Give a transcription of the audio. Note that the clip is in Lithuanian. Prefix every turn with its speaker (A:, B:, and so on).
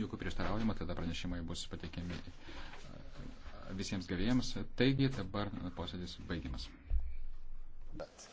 A: jokių prieštaraujama, tada pranešimai bus pateikiami visiems gavėjams. Taigi dabar posėdis baigiamas. Bet.